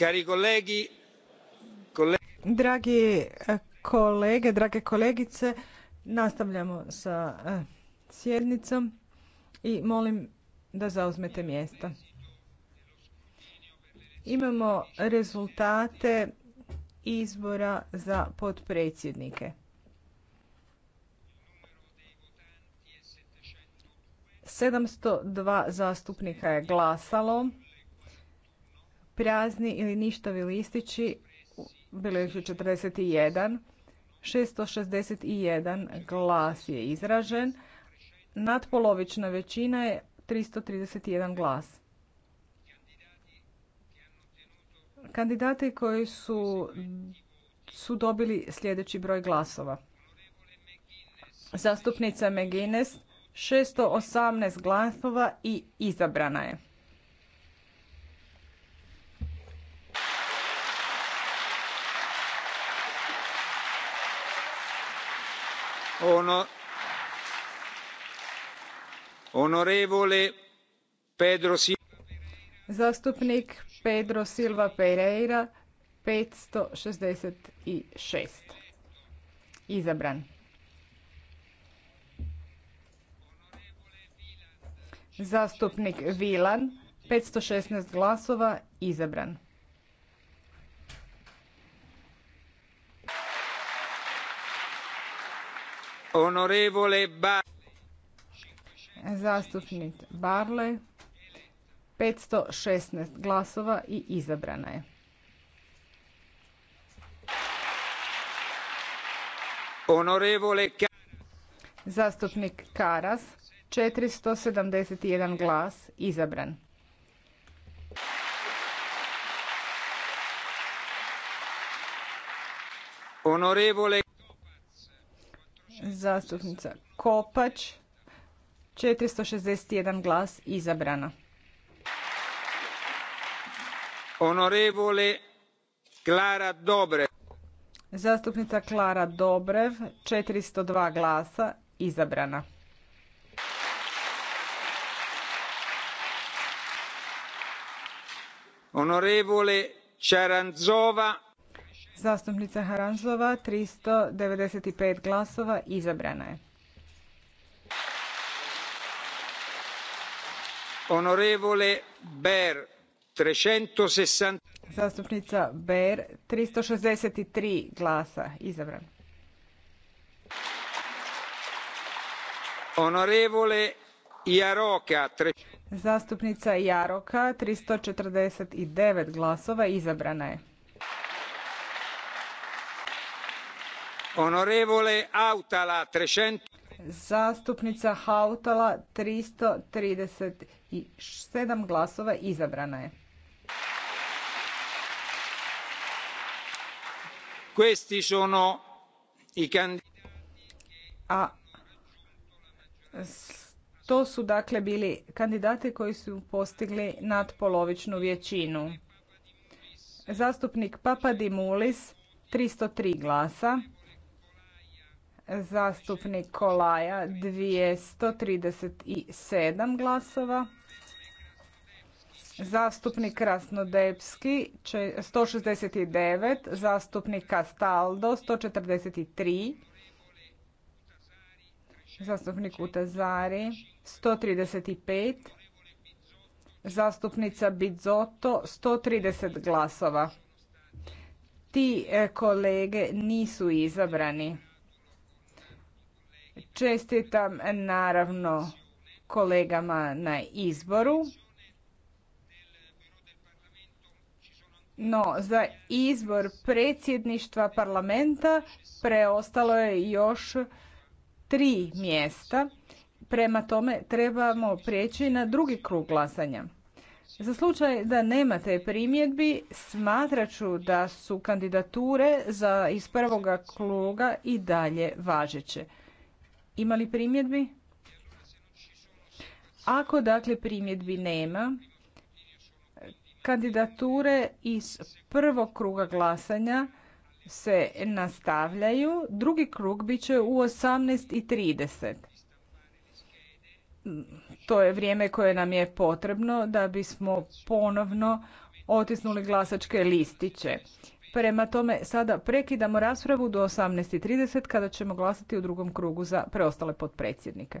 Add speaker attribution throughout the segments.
Speaker 1: Dragi
Speaker 2: eh, kolege, drage kolegice, nastavljamo sa eh, sjednicom i molim da zauzmete mjesta. Imamo rezultate izbora za potpredsjednike. dva zastupnika je glasalo prazni ili ništavi listići, bilo ih je 41, 661 glas je izražen, nadpolovična većina je 331 glas. Kandidati koji su, su dobili sljedeći broj glasova. Zastupnica Megines 618 glasova i izabrana je.
Speaker 1: Ono... Onorevole Pedro Silva
Speaker 2: Zastupnik Pedro Silva Pereira 566. Izabran. Zastupnik Vilan 516 glasova izabran.
Speaker 1: Onorevole Barle,
Speaker 2: Zastupnik Barley, 516 glasova i izabrana je. Zastupnik Karas, 471 glas, izabran.
Speaker 1: Honorevole
Speaker 2: Zastupnica Kopač, 461 glas izabrana.
Speaker 1: Honorevole Klara Dobrev.
Speaker 2: Zastupnica Klara Dobrev, 402 glasa, izabrana.
Speaker 1: honorevole Čaranzova,
Speaker 2: Zastupnica Haranzova 395 glasova izabrana je.
Speaker 1: Onorevole Ber 360
Speaker 2: Zastupnica Ber 363 glasa izabrana.
Speaker 1: Onorevole Jaroka tre...
Speaker 2: Zastupnica Jaroka 349 glasova izabrana je.
Speaker 1: Onorevole Autala, 300...
Speaker 2: Zastupnica Hautala 337 glasova izabrana je. A to su dakle bili kandidati koji su postigli nadpolovičnu većinu. Zastupnik Papadimulis 303 glasa zastupnik Kolaja 237 glasova, zastupnik Krasnodebski 169, zastupnik Castaldo 143, zastupnik Utazari 135, zastupnica Bizoto, 130 glasova. Ti eh, kolege nisu izabrani. Čestitam naravno kolegama na izboru. No, za izbor predsjedništva parlamenta preostalo je još tri mjesta. Prema tome trebamo prijeći na drugi krug glasanja. Za slučaj da nemate primjedbi, smatraću da su kandidature za iz prvoga kluga i dalje važeće. Imali primjedbi? Ako dakle primjedbi nema, kandidature iz prvog kruga glasanja se nastavljaju. Drugi krug bit će u 18.30. To je vrijeme koje nam je potrebno da bismo ponovno otisnuli glasačke listiće. Prema tome, sada prekidamo raspravu do 18.30 kada ćemo glasati u drugom krugu za preostale potpredsjednike.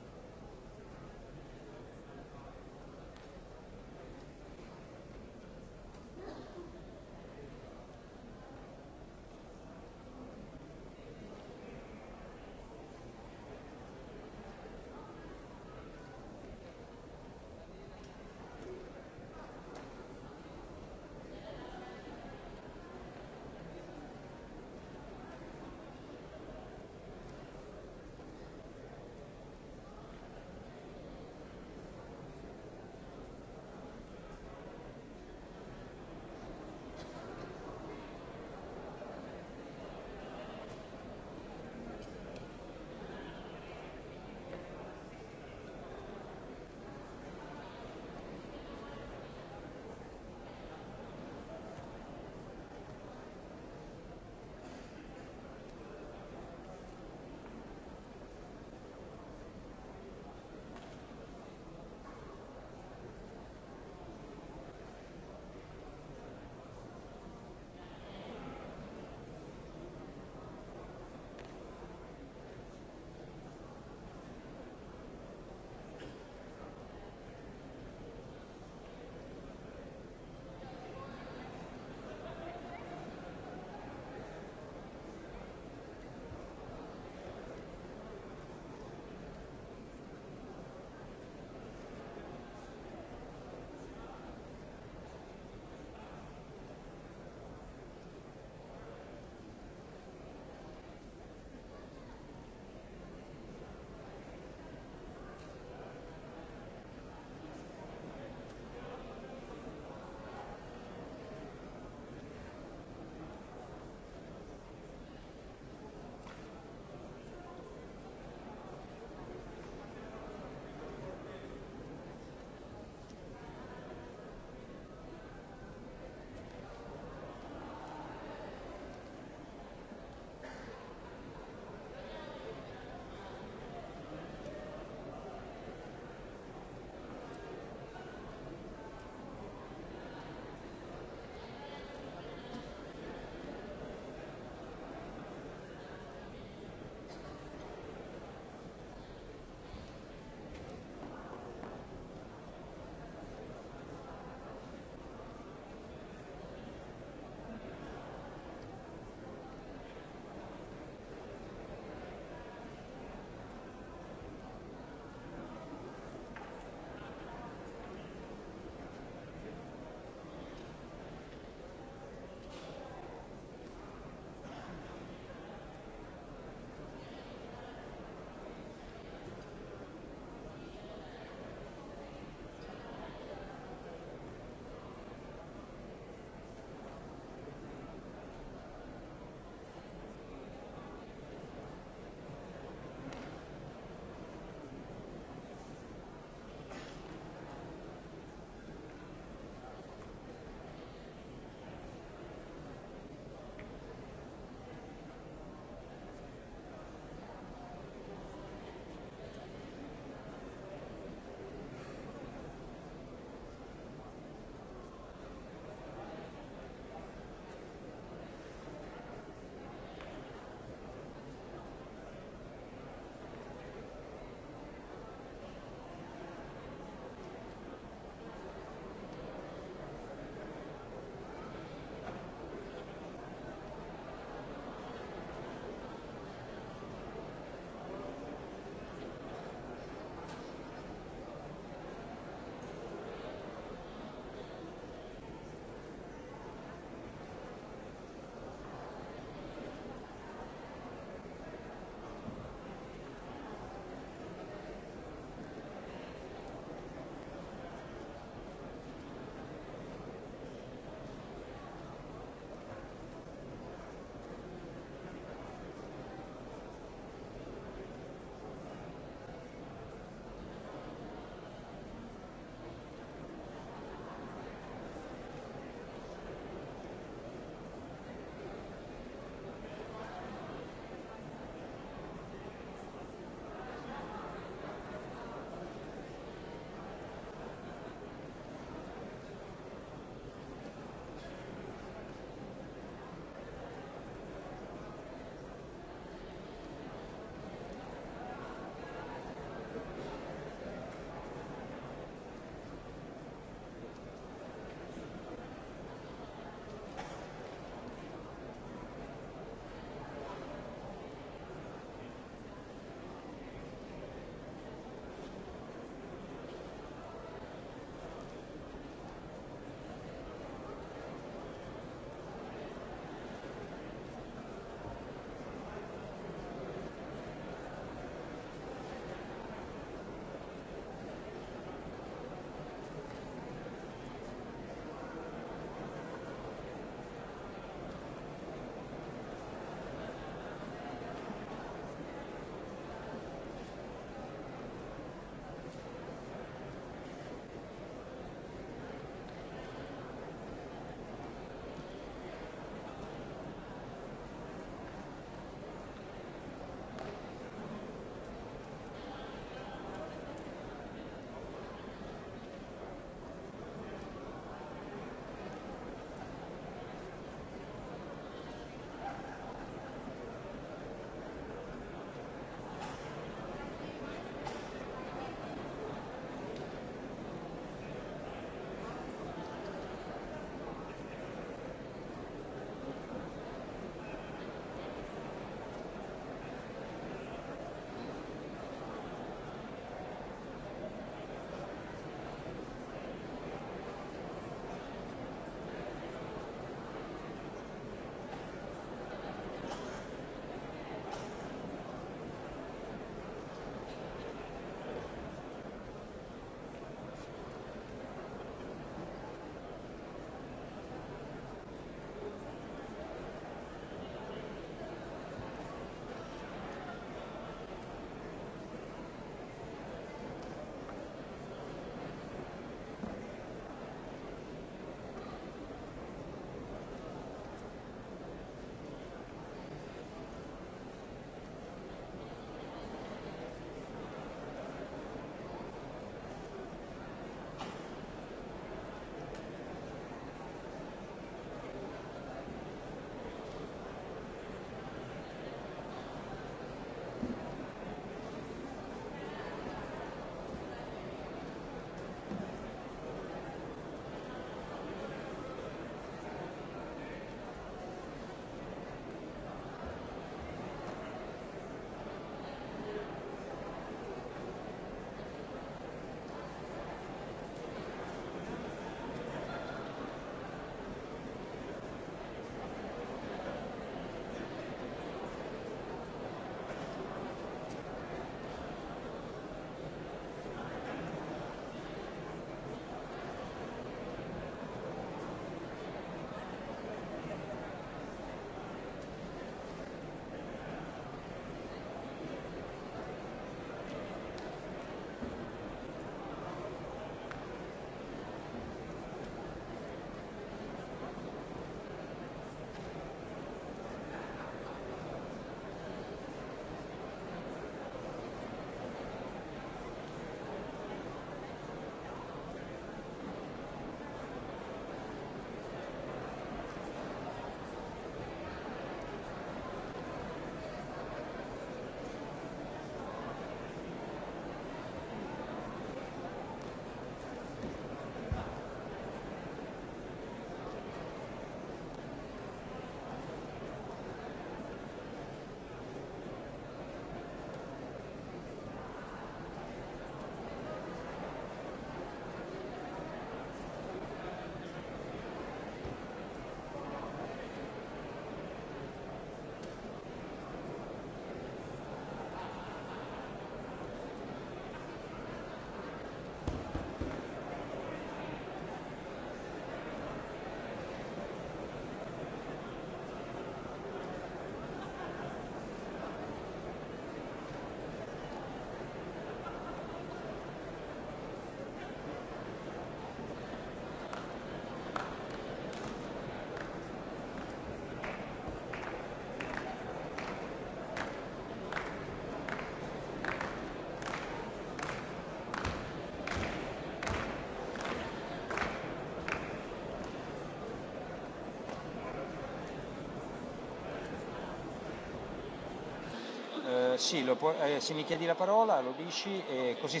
Speaker 1: sì, lo può, eh, se mi chiedi la parola lo dici e così...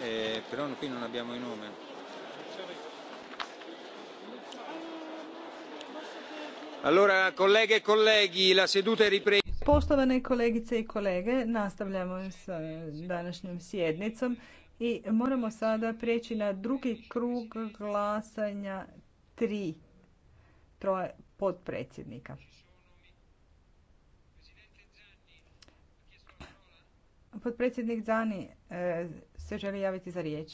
Speaker 1: Eh, però qui non abbiamo i nomi. Allora, colleghe e colleghi, la seduta è ripresa.
Speaker 2: Poštovane kolegice i kolege, nastavljamo s e, današnjom sjednicom i moramo sada prijeći na drugi krug glasanja tri troje podpredsjednika. Podpredsjednik Zani e, se želi javiti za riječ.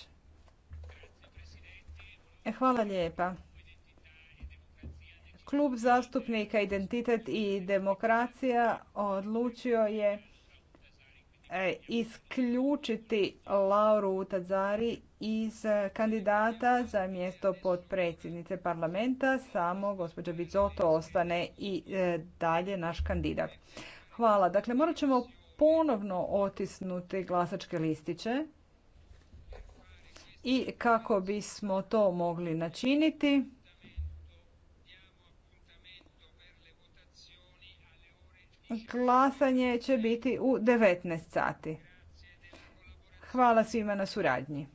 Speaker 2: E, hvala lijepa. Klub zastupnika Identitet i demokracija odlučio je e, isključiti Lauru Utazari iz e, kandidata za mjesto potpredsjednice parlamenta. Samo gospođa Bizoto ostane i e, dalje naš kandidat. Hvala. Dakle, morat ćemo ponovno otisnuti glasačke listiće. I kako bismo to mogli načiniti, Glasanje će biti u 19 sati. Hvala svima na suradnji.